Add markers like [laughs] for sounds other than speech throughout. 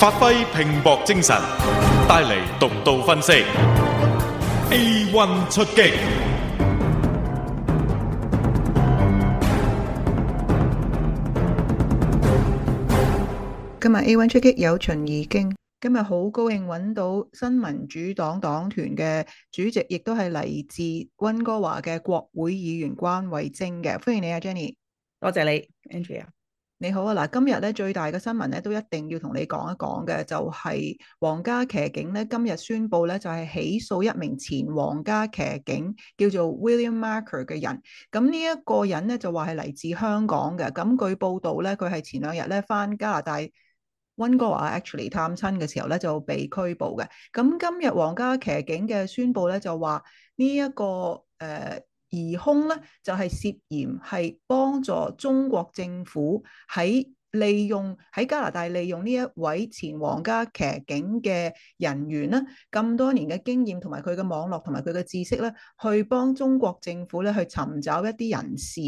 發揮拼搏精神，帶嚟獨到分析。A one 出擊，今日 A one 出擊有秦二經，今日好高興揾到新民主黨黨團嘅主席，亦都係嚟自温哥華嘅國會議員關慧貞嘅，歡迎你啊，Jenny，多謝你，Angelia。Andrea 你好啊，嗱，今日咧最大嘅新聞咧都一定要同你講一講嘅，就係皇家騎警咧今日宣布咧就係起訴一名前皇家騎警叫做 William Marker 嘅人。咁呢一個人咧就話係嚟自香港嘅。咁據報道咧，佢係前兩日咧翻加拿大温哥華 actually 探親嘅時候咧就被拘捕嘅。咁今日皇家騎警嘅宣布咧就話呢一個誒。呃疑凶咧就係、是、涉嫌係幫助中國政府喺利用喺加拿大利用呢一位前皇家騎警嘅人員咧，咁多年嘅經驗同埋佢嘅網絡同埋佢嘅知識咧，去幫中國政府咧去尋找一啲人士，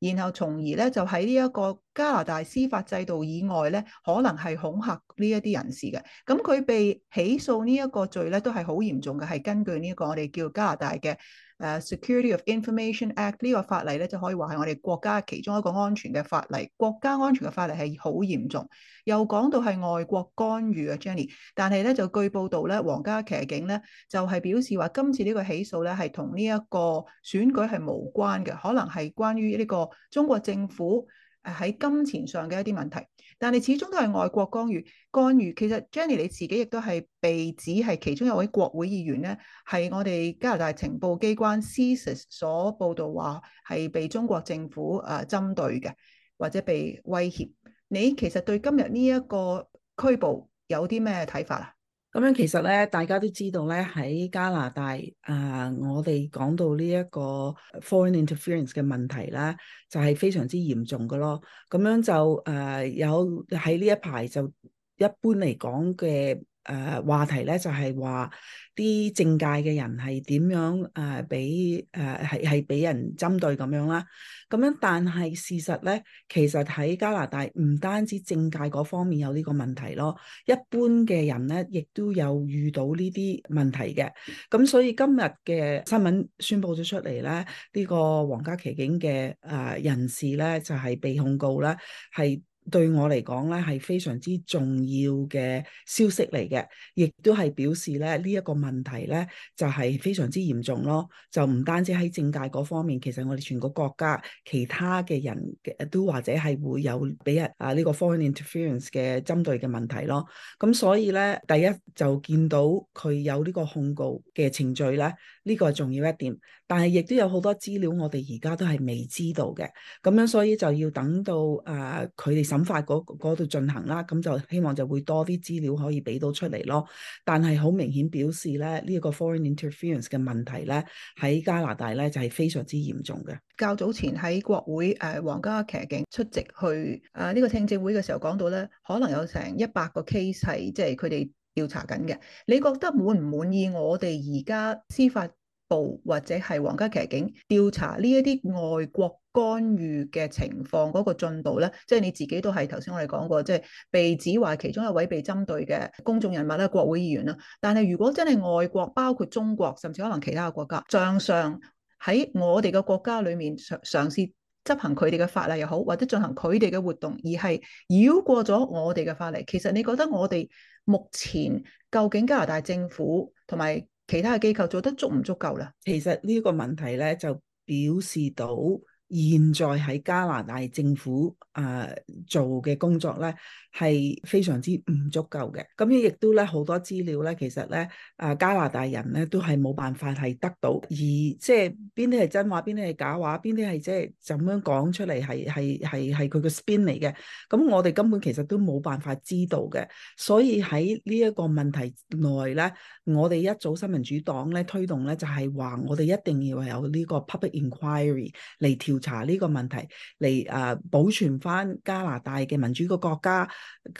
然後從而咧就喺呢一個加拿大司法制度以外咧，可能係恐嚇呢一啲人士嘅。咁佢被起訴呢一個罪咧，都係好嚴重嘅，係根據呢個我哋叫加拿大嘅。誒 Security of Information Act 呢個法例咧，就可以話係我哋國家其中一個安全嘅法例。國家安全嘅法例係好嚴重，又講到係外國干預啊 Jenny，但係咧就據報道咧，皇家騎警咧就係、是、表示話，今次呢個起訴咧係同呢一個選舉係無關嘅，可能係關於呢個中國政府誒喺金錢上嘅一啲問題。但係始終都係外國干預，干預其實 Jenny 你自己亦都係被指係其中一位國會議員咧，係我哋加拿大情報機關 CSIS 所報道話係被中國政府誒針對嘅，或者被威脅。你其實對今日呢一個拘捕有啲咩睇法啊？咁樣其實呢，大家都知道呢，喺加拿大，啊、呃，我哋講到呢一個 foreign interference 嘅問題啦，就係、是、非常之嚴重嘅咯。咁樣就誒、呃、有喺呢一排就一般嚟講嘅。誒、呃，話題咧就係話啲政界嘅人係點樣誒俾誒係係俾人針對咁樣啦，咁樣但係事實咧，其實喺加拿大唔單止政界嗰方面有呢個問題咯，一般嘅人咧亦都有遇到呢啲問題嘅，咁所以今日嘅新聞宣佈咗出嚟咧，呢、這個皇家騎警嘅誒人士咧就係、是、被控告啦，係。對我嚟講咧，係非常之重要嘅消息嚟嘅，亦都係表示咧呢一個問題咧就係非常之嚴重咯。就唔單止喺政界嗰方面，其實我哋全個國家其他嘅人嘅都或者係會有俾人啊呢個 foreign interference 嘅針對嘅問題咯。咁所以咧，第一就見到佢有呢個控告嘅程序咧，呢個係重要一點。但係亦都有好多資料，我哋而家都係未知道嘅，咁樣所以就要等到啊佢哋，審法嗰度進行啦，咁就希望就會多啲資料可以俾到出嚟咯。但係好明顯表示咧，呢、這、一個 foreign interference 嘅問題咧，喺加拿大咧就係、是、非常之嚴重嘅。較早前喺國會誒皇、呃、家騎警出席去啊、呢、呃、這個聽證會嘅時候講到咧，可能有成一百個 case 係即係佢哋調查緊嘅。你覺得滿唔滿意我哋而家司法？或者係皇家騎警調查呢一啲外國干預嘅情況嗰個進度呢，即係你自己都係頭先我哋講過，即係被指為其中一位被針對嘅公眾人物啦、國會議員啦。但係如果真係外國，包括中國甚至可能其他嘅國家，向上喺我哋嘅國家裏面嘗嘗試執行佢哋嘅法例又好，或者進行佢哋嘅活動，而係繞過咗我哋嘅法例，其實你覺得我哋目前究竟加拿大政府同埋？其他嘅機構做得足唔足夠啦、嗯？其實呢個問題咧，就表示到現在喺加拿大政府啊、呃、做嘅工作咧，係非常之唔足夠嘅。咁樣亦都咧好多資料咧，其實咧啊加拿大人咧都係冇辦法係得到，而即係。邊啲係真話，邊啲係假話，邊啲係即係咁樣講出嚟係係係係佢個 spin 嚟嘅。咁我哋根本其實都冇辦法知道嘅。所以喺呢一個問題內咧，我哋一早新民主黨咧推動咧，就係話我哋一定要有呢個 public inquiry 嚟調查呢個問題，嚟誒保存翻加拿大嘅民主嘅國家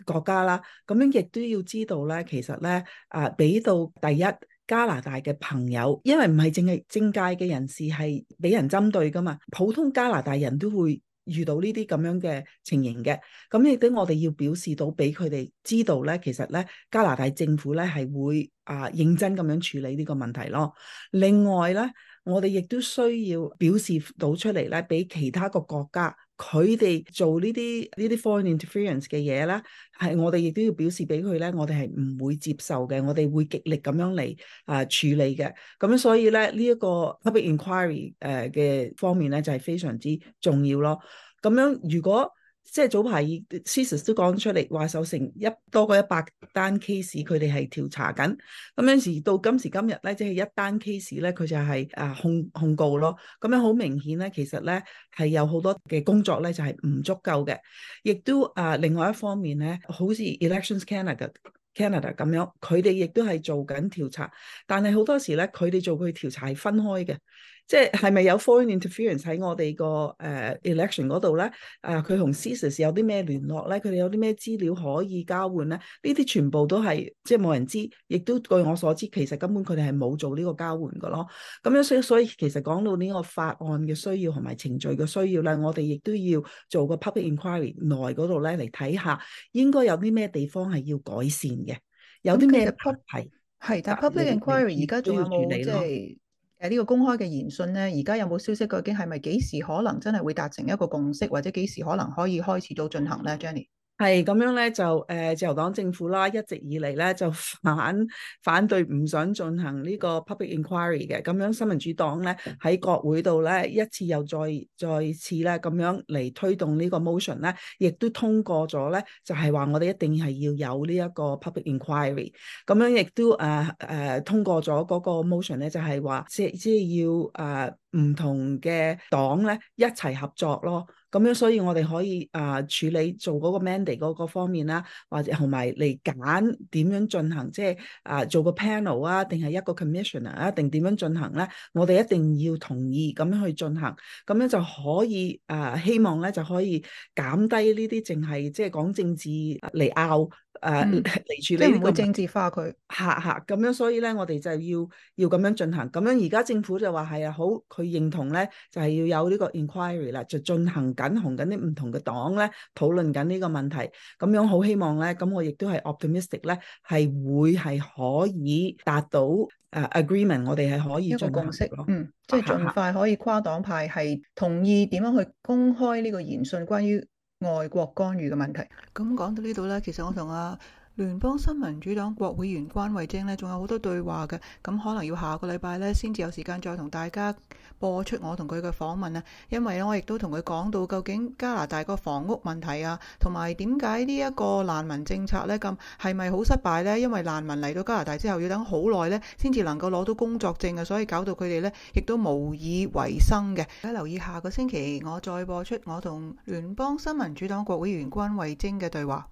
國家啦。咁樣亦都要知道咧，其實咧啊俾到第一。加拿大嘅朋友，因為唔係淨係政界嘅人士係俾人針對噶嘛，普通加拿大人都會遇到呢啲咁樣嘅情形嘅。咁亦都我哋要表示到俾佢哋知道咧，其實咧加拿大政府咧係會啊認真咁樣處理呢個問題咯。另外咧，我哋亦都需要表示到出嚟咧，俾其他個國家。佢哋做呢啲呢啲 foreign interference 嘅嘢啦，係我哋亦都要表示俾佢咧，我哋係唔會接受嘅，我哋會極力咁樣嚟啊、呃、處理嘅。咁所以咧呢一、這個 public inquiry 誒、呃、嘅方面咧就係、是、非常之重要咯。咁樣如果即係早排 CSIS 都講出嚟話，首成一多過一百單 case，佢哋係調查緊。咁有時到今時今日咧，即係一單 case 咧，佢就係啊控控告咯。咁樣好明顯咧，其實咧係有好多嘅工作咧，就係、是、唔足夠嘅。亦都啊，另外一方面咧，好似 Elections Canada Canada 咁樣，佢哋亦都係做緊調查，但係好多時咧，佢哋做佢調查係分開嘅。即係咪有 foreign interference 喺我哋個誒 election 嗰度咧？啊，佢同 CSIS 有啲咩聯絡咧？佢哋有啲咩資料可以交換咧？呢啲全部都係即係冇人知，亦都據我所知，其實根本佢哋係冇做呢個交換噶咯。咁樣所以所以，其實講到呢個法案嘅需要同埋程序嘅需要啦，嗯、我哋亦都要做個 public inquiry 內嗰度咧嚟，睇下，應該有啲咩地方係要改善嘅，有啲咩係係但，但 public inquiry 而家仲要冇即係。就是誒，呢個公開嘅言訊咧，而家有冇消息？究竟係咪幾時可能真係會達成一個共識，或者幾時可能可以開始到進行咧，Jenny？係咁樣咧，就誒、呃、自由黨政府啦，一直以嚟咧就反反對唔想進行呢個 public inquiry 嘅。咁樣新民主黨咧喺國會度咧一次又再再次咧咁樣嚟推動呢個 motion 咧，亦都通過咗咧，就係、是、話我哋一定係要有呢一個 public inquiry。咁樣亦都誒誒通過咗嗰個 motion 咧，就係、是、話即即係要誒。呃唔同嘅黨咧一齊合作咯，咁樣所以我哋可以啊、呃、處理做嗰個 mandate 嗰個方面啦，或者同埋嚟揀點樣進行，即係啊、呃、做個 panel 啊，定係一個 commissioner 啊，定點樣進行咧？我哋一定要同意咁樣去進行，咁樣就可以啊、呃、希望咧就可以減低呢啲淨係即係講政治嚟拗。誒嚟、uh, 嗯、處理咁，會政治化佢，嚇嚇咁樣，所以咧，我哋就要要咁樣進行。咁樣而家政府就話係啊，好佢認同咧，就係、係、要有呢個 inquiry 啦，就進行緊，同緊啲唔同嘅黨咧討論緊呢個問題。咁樣好希望咧，咁我亦都係 optimistic 咧，係會係可以達到誒、uh, agreement。我哋係可以一個共識，嗯， [laughs] 即係盡快可以跨黨派係同意點樣去公開呢個言訊，關於外國干預嘅問題。咁講到呢度咧，其實我同阿。聯邦新民主黨國會議員關慧貞呢，仲有好多對話嘅，咁可能要下個禮拜呢，先至有時間再同大家播出我同佢嘅訪問啊！因為我亦都同佢講到，究竟加拿大個房屋問題啊，同埋點解呢一個難民政策呢，咁係咪好失敗呢？因為難民嚟到加拿大之後，要等好耐呢，先至能夠攞到工作證啊，所以搞到佢哋呢，亦都無以為生嘅。大家留意下個星期我再播出我同聯邦新民主黨國會議員關慧貞嘅對話。